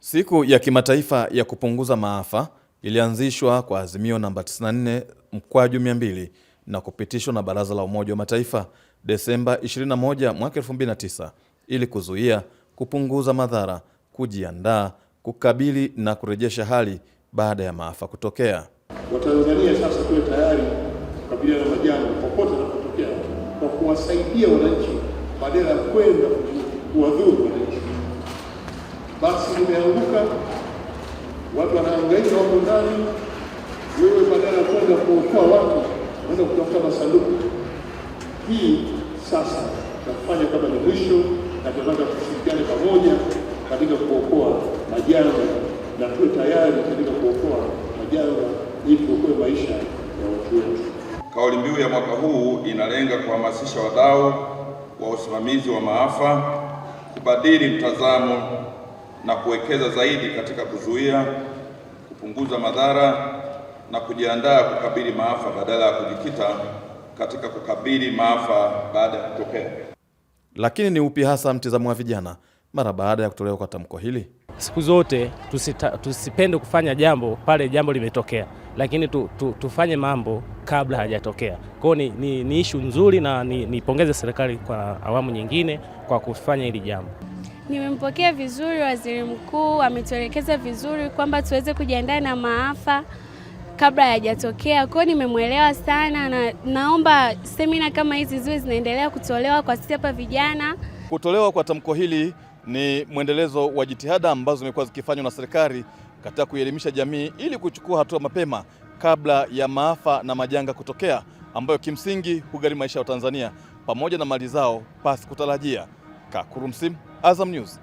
Siku ya kimataifa ya kupunguza maafa ilianzishwa kwa azimio namba 94 mkwaju 200 na kupitishwa na Baraza la Umoja wa Mataifa Desemba 21 mwaka 2009 ili kuzuia, kupunguza madhara, kujiandaa, kukabili na kurejesha hali baada ya maafa kutokea. Watanzania sasa tuwe tayari kukabiliana na majanga popote yanapotokea kwa kuwasaidia wananchi badala ya kwenda kuwadhuru wananchi basi limeanguka, watu wanaangaika wako ndani. Wewe badala ya kwenda kuokoa watu unaenda kutafuta masanduku. Hii sasa tutafanya kama ni mwisho, na tunataka tushirikiane pamoja katika kuokoa majanga na tuwe tayari katika kuokoa majanga ili tuokoe maisha ya watu wetu. Kauli mbiu ya mwaka huu inalenga kuhamasisha wadau wa usimamizi wa maafa kubadili mtazamo na kuwekeza zaidi katika kuzuia, kupunguza madhara na kujiandaa kukabili maafa badala ya kujikita katika kukabili maafa baada ya kutokea. Lakini ni upi hasa mtizamo wa vijana mara baada ya kutolewa kwa tamko hili? Siku zote tusita, tusipende kufanya jambo pale jambo limetokea, lakini tu, tu, tufanye mambo kabla hajatokea. Kwao ni, ni, ni ishu nzuri na nipongeze ni serikali kwa awamu nyingine kwa kufanya hili jambo. Nimempokea vizuri waziri mkuu, ametuelekeza vizuri kwamba tuweze kujiandaa na maafa kabla hayajatokea. Kwa hiyo nimemwelewa sana, na naomba semina kama hizi ziwe zinaendelea kutolewa kwa sisi hapa vijana. Kutolewa kwa tamko hili ni mwendelezo wa jitihada ambazo zimekuwa zikifanywa na serikali katika kuielimisha jamii ili kuchukua hatua mapema kabla ya maafa na majanga kutokea ambayo kimsingi hugharimu maisha ya Watanzania pamoja na mali zao pasi kutarajia. Kakuru Msimu Azam News.